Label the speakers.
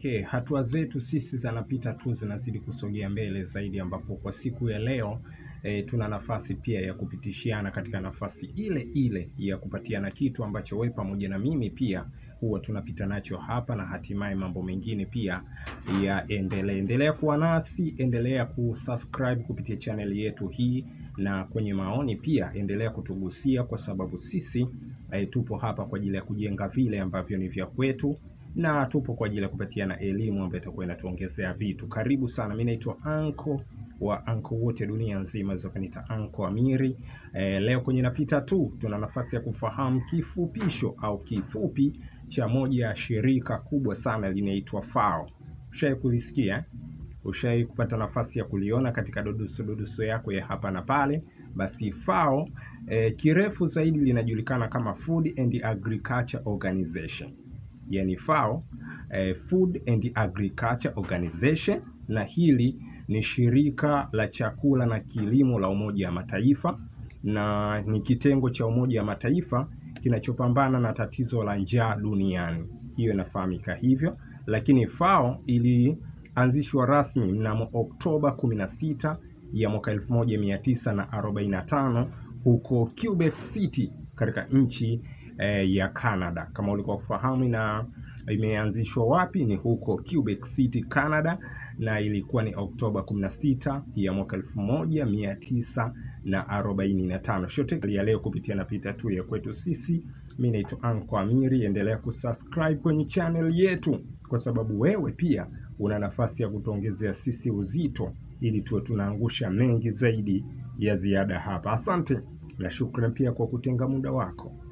Speaker 1: Okay, hatua zetu sisi za Napita tu zinazidi kusogea mbele zaidi, ambapo kwa siku ya leo e, tuna nafasi pia ya kupitishiana katika nafasi ile ile ya kupatiana kitu ambacho wewe pamoja na mimi pia huwa tunapita nacho hapa, na hatimaye mambo mengine pia yaendelee. Endelea kuwa nasi, endelea kusubscribe kupitia chaneli yetu hii, na kwenye maoni pia endelea kutugusia, kwa sababu sisi e, tupo hapa kwa ajili ya kujenga vile ambavyo ni vya kwetu na tupo kwa ajili ya kupatiana elimu ambayo itakuwa inatuongezea vitu. Karibu sana, mi naitwa Anko wa Anko wote dunia nzima, zokaniita Anko Amiri. E, leo kwenye napita tu tuna nafasi ya kufahamu kifupisho au kifupi cha moja ya shirika kubwa sana linaitwa FAO. Ushawahi kulisikia? Ushawahi kupata nafasi ya kuliona katika dodoso dodoso yako ya hapa na pale? Basi FAO e, kirefu zaidi linajulikana kama Food and Agriculture Organization yani FAO, eh, Food and Agriculture Organization, na hili ni shirika la chakula na kilimo la Umoja wa Mataifa na ni kitengo cha Umoja wa Mataifa kinachopambana na tatizo la njaa duniani, hiyo inafahamika hivyo. Lakini FAO ilianzishwa rasmi mnamo Oktoba 16 ya mwaka 1945 huko Quebec City katika nchi eh, ya Canada kama ulikuwa kufahamu. Na imeanzishwa wapi? Ni huko Quebec City, Canada, na ilikuwa ni Oktoba 16 ya mwaka 1945. Shote ya leo kupitia pita tu ya kwetu sisi. Mimi naitwa Anko Amiri, endelea kusubscribe kwenye channel yetu, kwa sababu wewe pia una nafasi ya kutuongezea sisi uzito ili tuwe tunaangusha mengi zaidi ya ziada hapa. Asante na shukrani pia kwa kutenga muda wako.